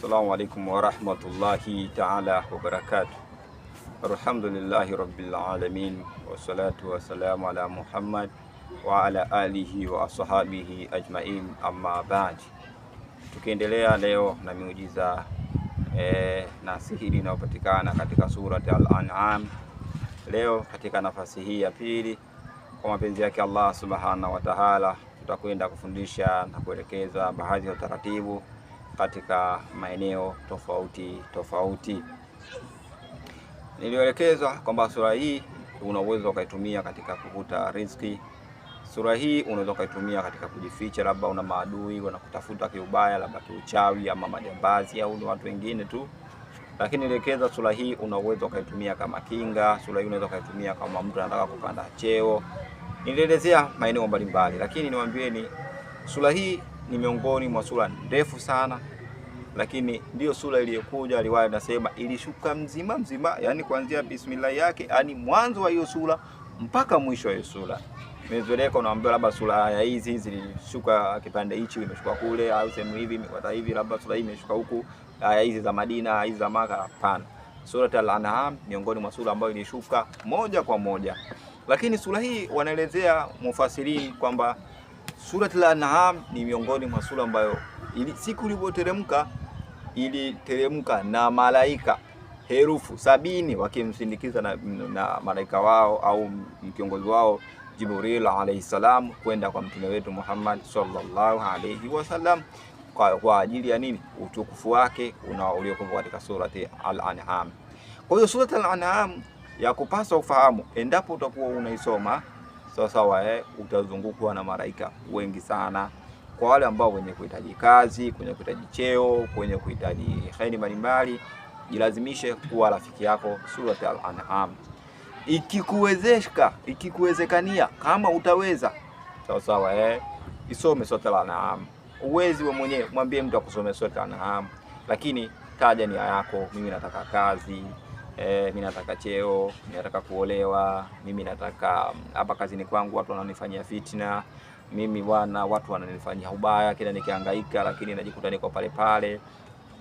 Assalamu alaikum warahmatullahi taala wabarakatuh. Alhamdulillahi rabbil alamin wassalatu wassalamu ala Muhammad wa ala alihi wa ashabihi ajmain, amma baad. Tukiendelea leo na miujiza e, na sihiri inayopatikana katika surat Al-An'am, leo katika nafasi hii ya pili, kwa mapenzi yake Allah subhanahu wa taala, tutakwenda kufundisha na kuelekeza baadhi ya taratibu katika maeneo tofauti tofauti. Nilielekeza kwamba sura hii una uwezo ukaitumia katika kuvuta riziki. Sura hii unaweza ukaitumia katika kujificha, labda una maadui wanakutafuta kiubaya, labda kiuchawi ama majambazi au ni watu wengine tu. Lakini elekeza, sura hii una uwezo ukaitumia kama kinga. Sura hii unaweza ukaitumia kama mtu anataka kupanda cheo. Nilielezea maeneo mbalimbali, lakini niwaambieni sura hii ni miongoni mwa sura ndefu sana, lakini ndiyo sura iliyokuja aliwaya nasema ilishuka mzima mzima, yani kuanzia bismillah yake, yani mwanzo wa hiyo sura mpaka mwisho wa hiyo sura. Mezoeleka unaambiwa labda sura ya hizi zilishuka kipande hichi imeshuka kule, au sehemu hivi wata hivi, labda sura hii imeshuka huku, aya hizi za Madina, hizi za Maka. Hapana, Surat al-An'am miongoni mwa sura ambayo ilishuka moja kwa moja, lakini sura hii wanaelezea mufasirini kwamba Suratul An'am ni miongoni mwa sura ambayo ili, siku ilivyoteremka iliteremka na malaika herufu sabini wakimsindikiza na, na malaika wao au mkiongozi wao Jibril alayhi salam kwenda kwa mtume wetu Muhammad sallallahu alayhi wasallam kwa, kwa ajili ya nini? Utukufu wake uliokuwa katika surati Al-An'am. Kwa hiyo surati Al-An'am ya kupaswa ufahamu endapo utakuwa unaisoma sawa sawa, eh, utazungukwa na malaika wengi sana, kwa wale ambao wenye kuhitaji kazi, kwenye kuhitaji cheo, kwenye kuhitaji kheri mbalimbali, jilazimishe kuwa rafiki yako Surat Al-An'am. Ikikuwezeshka, ikikuwezekania kama utaweza, sawa sawa, eh, isome Surat Al-An'am. Uwezi wewe mwenyewe, mwambie mtu akusomee Surat Al-An'am, lakini taja nia yako, mimi nataka kazi Eh, mi nataka cheo, mi nataka kuolewa, mimi nataka mm, hapa kazini kwangu watu wananifanyia fitna mimi bwana, watu wananifanyia ubaya, kila nikihangaika, lakini najikuta niko pale pale.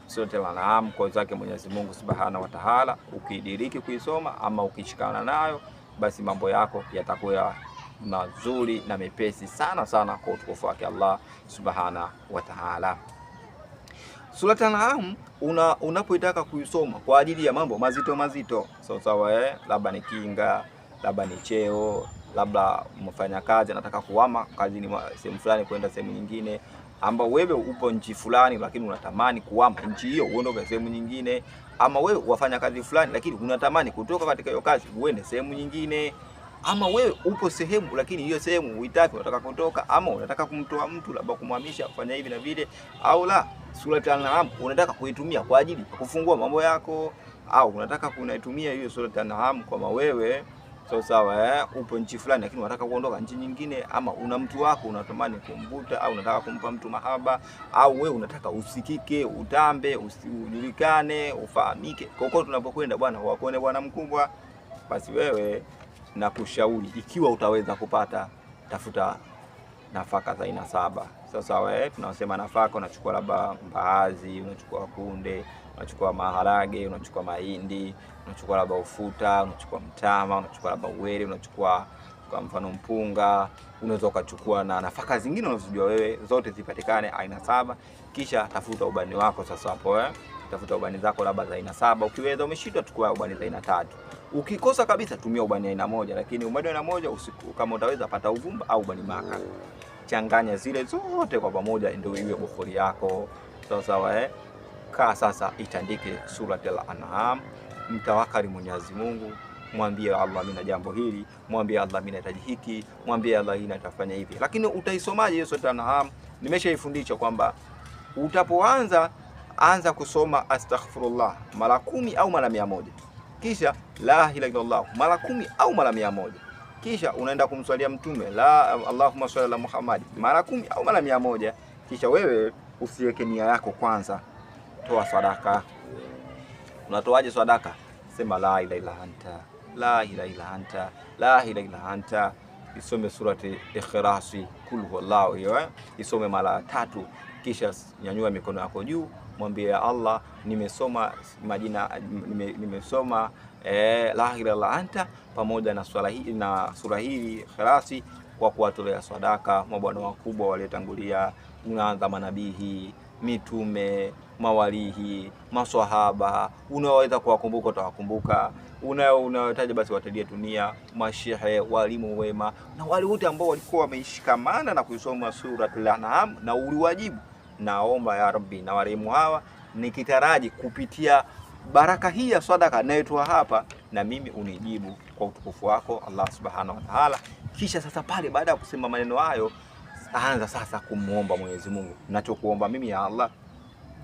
Sote lanaam kwa zake Mwenyezi Mungu Subhanahu wa Ta'ala. Ukidiriki kuisoma ama ukishikana nayo, basi mambo yako yatakuwa mazuri na mepesi sana sana kwa utukufu wake Allah Subhanahu wa Ta'ala. Surati anam una, unapoitaka kuisoma kwa ajili ya mambo mazito mazito, sawa sawa, eh, labda ni kinga, labda ni cheo, labda mfanya kazi anataka kuhama kazini sehemu fulani kwenda sehemu nyingine, ambao wewe upo nchi fulani, lakini unatamani kuhama nchi hiyo uende kwa sehemu nyingine, ama wewe wafanya kazi fulani, lakini unatamani kutoka katika hiyo kazi uende sehemu nyingine ama wewe upo sehemu lakini hiyo sehemu huitaki, unataka kutoka, ama unataka kumtoa mtu labda kumhamisha, kufanya hivi na vile, au la sura ya anam unataka kuitumia kwa ajili ya kufungua mambo yako, au unataka kunaitumia hiyo sura ya anam kwa wewe sawa sawa, eh, upo nchi fulani lakini unataka kuondoka nchi nyingine, ama una mtu wako unatamani kumvuta, au unataka kumpa mtu mahaba, au wewe unataka usikike, utambe, usijulikane, ufahamike. Kokote tunapokwenda bwana, wakuone bwana mkubwa, basi wewe na kushauri, ikiwa utaweza kupata, tafuta nafaka za aina saba. Sasa we eh, tunasema nafaka, unachukua labda mbaazi, unachukua kunde, unachukua maharage, unachukua mahindi, unachukua labda ufuta, unachukua mtama, unachukua labda uwele, unachukua kwa mfano mpunga, unaweza ukachukua na nafaka zingine unazojua wewe, zote zipatikane aina saba. Kisha tafuta ubani wako sasa hapo, eh, tafuta ubani zako labda za aina saba. Ukiweza umeshindwa, chukua ubani za aina tatu. Ukikosa kabisa tumia ubani aina moja, lakini ubani aina moja usiku, kama utaweza pata uvumba au ubani maka, changanya zile zote kwa pamoja ndio iwe bofori yako sawa sawa. Eh, kaa sasa, itandike Suratul An'am, mtawakali Mwenyezi Mungu, mwambie Allah, mimi na jambo hili, mwambie Allah, mimi nahitaji hiki, mwambie Allah, hii natafanya hivi. Lakini utaisomaje hiyo Suratul An'am? Nimeshaifundisha kwamba utapoanza anza kusoma astaghfirullah mara kumi au mara mia moja kisha la ilaha illallah mara kumi au mara mia moja kisha unaenda kumswalia mtume la Allahumma salli ala Muhammad mara kumi au mara mia moja Kisha wewe usiweke nia yako kwanza, toa sadaka. Unatoaje sadaka? Sema la ilaha illa anta la ilaha illa anta la ilaha illa anta, isome surati Ikhlasi, kul huwallahu, eh? isome mara tatu kisha nyanyua mikono yako juu, mwambie ya Allah, nimesoma majina, nimesoma eh, la ilaha illa anta pamoja na swala hii na sura hii khalasi kwa kuwatolea sadaka mabwana wakubwa waliotangulia, unaanza manabii mitume, mawalihi, maswahaba, unaweza kuwakumbuka utawakumbuka, unayotaja basi watalia dunia, mashehe, walimu wema na wale wote ambao walikuwa wameishikamana na kuisoma Suratul An'am na uliwajibu. Naomba ya Rabbi na walimu hawa, nikitaraji kupitia baraka hii ya sadaka inayotoa hapa, na mimi unijibu kwa utukufu wako Allah subhanahu wa ta'ala. Kisha sasa pale baada ya kusema maneno hayo anza sasa kumwomba Mwenyezi Mungu, nachokuomba mimi ya Allah,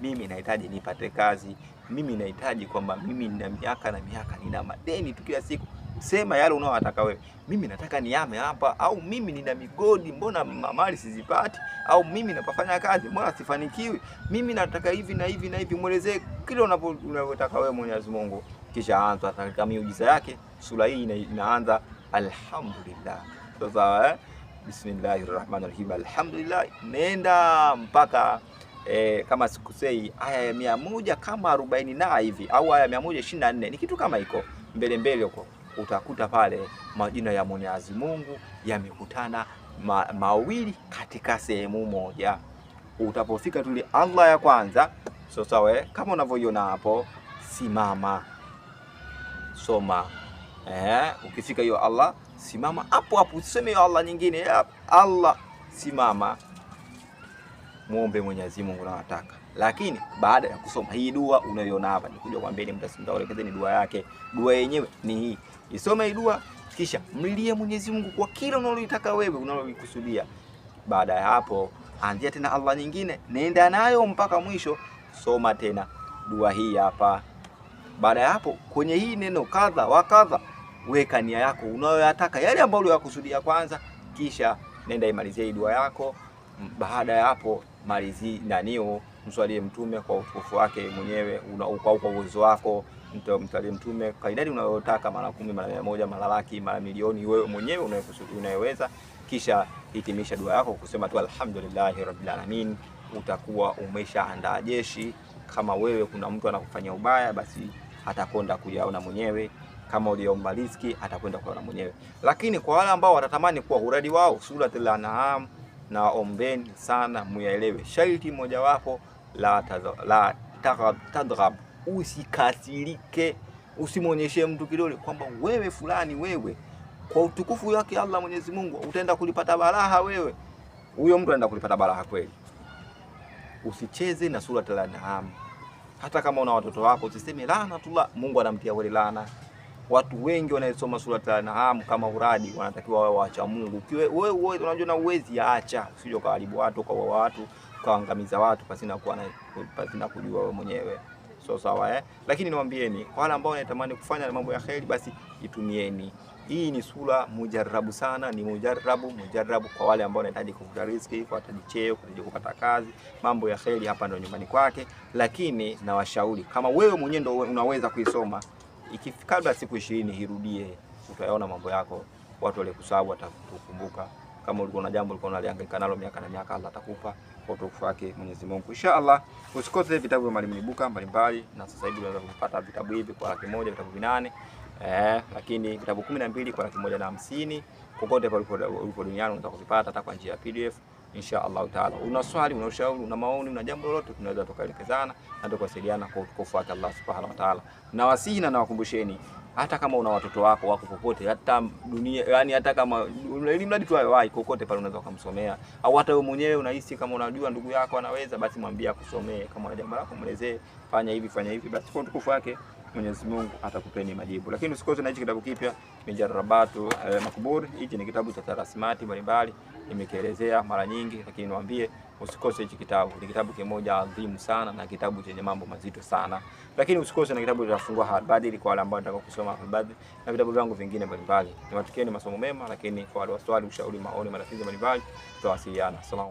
mimi nahitaji nipate kazi, mimi nahitaji kwamba mimi nina miaka na miaka, nina madeni tu kila siku Sema yale unaowataka wewe. Mimi nataka niame hapa, au mimi nina migodi, mbona mali sizipati? Au mimi napafanya kazi, mbona sifanikiwi? Mimi nataka hivi na hivi na hivi. Mwelezee kile unavyotaka wewe Mwenyezi Mungu, kisha anza atakamia miujiza yake. Sura hii inaanza alhamdulillah. Sasa eh? Bismillahi rahmani rahim, alhamdulillah. Nenda mpaka eh, kama sikusei aya ya mia moja kama arobaini na hivi au aya ya mia moja ishirini na nne ni kitu kama iko mbele mbele huko, utakuta pale majina ya Mwenyezi Mungu yamekutana ma, mawili katika sehemu moja. Utapofika tuli Allah ya kwanza, so sawa, kama unavyoiona hapo, simama soma. eh, ukifika hiyo Allah simama hapo hapo, useme Allah nyingine ya Allah, simama muombe Mwenyezi Mungu unataka. Lakini baada ya kusoma hii dua unayoona hapa, nikuja kuambia ni dua yake. Dua yenyewe ni hii, isome hii dua, kisha mlilie Mwenyezi Mungu kwa kila unalolitaka wewe, unalolikusudia. Baada ya hapo, anzia tena Allah nyingine, nenda nayo mpaka mwisho, soma tena dua hii hapa. Baada ya hapo, kwenye hii neno kadha wa kadha weka nia yako unayoyataka yale ambayo uliyokusudia kwanza, kisha nenda imalizie dua yako. Baada ya hapo, malizi nanio mswalie mtume kwa utukufu wake mwenyewe au kwa uwezo wako, mtalie mtume kwa idadi unayotaka, mara kumi, mara mia moja, mara laki, mara milioni, wewe mwenyewe unayeweza. Kisha hitimisha dua yako kusema tu alhamdulillahi rabbil alamin. Utakuwa umeshaandaa jeshi. Kama wewe kuna mtu anakufanya ubaya, basi atakonda kuyaona mwenyewe kama uliomba riziki atakwenda kuona mwenyewe. Lakini kwa wale ambao watatamani kuwa uradi wao suratul An'am, na ombeni sana muyaelewe sharti mojawapo la la tadhab, usikasirike, usimwonyeshe mtu kidole kwamba wewe fulani, wewe kwa utukufu wake Allah Mwenyezi Mungu utaenda kulipata baraha wewe. Huyo mtu anaenda kulipata baraha kweli. Usicheze na suratul An'am hata kama una watoto wako usiseme laanatullah, Mungu anamtia wale laana watu wengi wanaesoma Surat Al-An'am kama uradi wanatakiwa wawe waacha Mungu. Wewe wewe unajua na uwezi yaacha, usije kuharibu watu kwa ukaua watu kaangamiza watu pasina kuwa na pasina kujua wewe mwenyewe. So sawa eh? Lakini niwaambieni kwa wale ambao wanatamani kufanya mambo ya kheri, basi itumieni hii ni sura mujarabu sana, ni mujarabu mujarabu kwa wale ambao wanahitaji kufuta riziki, kuhitaji cheo, kuhitaji kupata kazi, mambo ya kheri, hapa ndio nyumbani kwake. Lakini nawashauri kama wewe mwenyewe ndio unaweza kuisoma kabla siku 20 irudie, utayaona mambo yako, watu wale kusahau, watakukumbuka. Kama ulikuwa na jambo ulikuwa unalihangaika nalo miaka na miaka, Allah atakupa kwa utukufu wake Mwenyezi Mungu. Inshallah, usikose vitabu vya Mwalimu Ibuka mbalimbali, na sasa hivi unaweza kupata vitabu hivi kwa laki moja vitabu vinane eh, lakini vitabu kumi na mbili kwa laki moja na hamsini. Kokote pale ulipo duniani unaweza kuvipata hata kwa njia ya PDF insha Allah taala. Una swali, una ushauri, una maoni, una jambo lolote, tunaweza tukaelekezana na tukawasiliana kwa utukufu wake Allah subhanahu wa taala. Nawasihi na nawakumbusheni hata kama una watoto wako wako popote, hata dunia, yani hata kama ili mradi tu wai kokote pale, unaweza kumsomea, au hata wewe mwenyewe unahisi kama unajua ndugu yako anaweza, basi mwambie akusomee. Kama una jambo lako mwelezee, fanya hivi fanya hivi, basi kwa utukufu wake Mwenyezi Mungu atakupeni majibu. Lakini usikose na hichi kitabu kipya mijarabatu eh, makuburi. Hichi ni kitabu cha tarasimati mbalimbali, nimekielezea mara nyingi, lakini niwaambie usikose hichi kitabu. Ni kitabu kimoja adhimu sana na kitabu chenye mambo mazito sana, lakini usikose na kitabu cha Fungua Halbadili kwa wale ambao wanataka kusoma Halbadili na vitabu vyangu vingine mbalimbali. Niwatakieni masomo mema, lakini kwa wale waswali, ushauri, maoni, marafiki mbalimbali, tutawasiliana. Salamu.